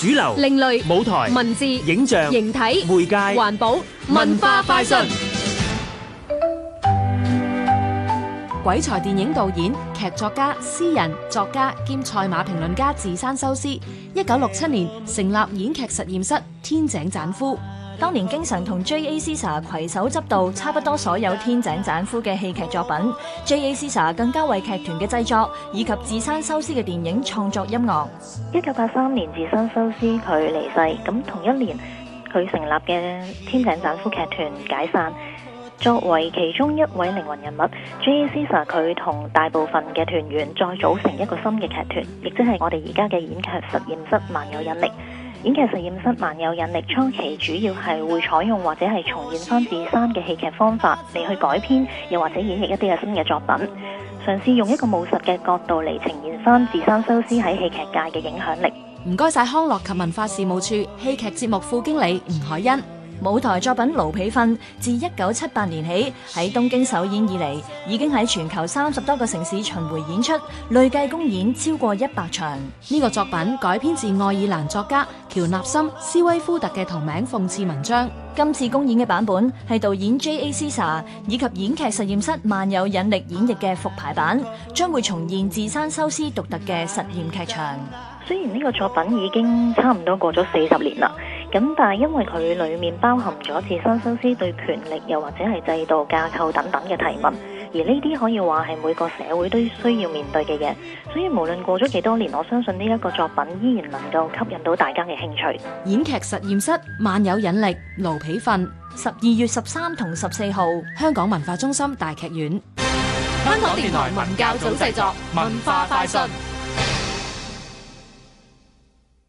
主流、另類舞台、文字、影像、形體、媒介、環保、文化、快訊。鬼才電影導演、劇作家、詩人、作家兼賽馬評論家寺山修司，一九六七年成立演劇實驗室天井棧敷。當年經常同 J.A. Seazer 携手執導差不多所有天井棧敷嘅戲劇作品，J.A. Seazer 更加為劇團嘅製作以及寺山修司嘅電影創作音樂。一九八三年寺山修司佢離世，咁同一年佢成立嘅天井棧敷劇團解散。作為其中一位靈魂人物，J.A. Seazer 佢同大部分嘅團員再組成一個新嘅劇團，亦即係我哋而家嘅演劇實驗室萬有引力。演劇實驗室萬有引力初期主要係會採用或者係重現翻自三嘅戲劇方法嚟去改編，又或者演繹一啲嘅新嘅作品，嘗試用一個武術嘅角度嚟呈現翻自三修斯喺戲劇界嘅影響力。唔該晒康樂及文化事務處戲劇節目副經理吳海欣。舞台作品《奴婢訓》自一九七八年起喺東京首演以嚟，已經喺全球三十多個城市巡迴演出，累計公演超過一百場。呢、這個作品改編自愛爾蘭作家喬納森·斯威夫特嘅同名諷刺文章。今次公演嘅版本係導演 J.A. Cesar，以及演劇實驗室萬有引力演繹嘅復排版，將會重現寺山修司獨特嘅實驗劇場。雖然呢個作品已經差唔多過咗四十年啦。咁但係因為佢裏面包含咗自身心思對權力又或者係制度架構等等嘅提問，而呢啲可以話係每個社會都需要面對嘅嘢，所以無論過咗幾多年，我相信呢一個作品依然能夠吸引到大家嘅興趣。演劇實驗室《萬有引力》盧皮訓，十二月十三同十四號香港文化中心大劇院。香港電台文教組製作，文化快訊。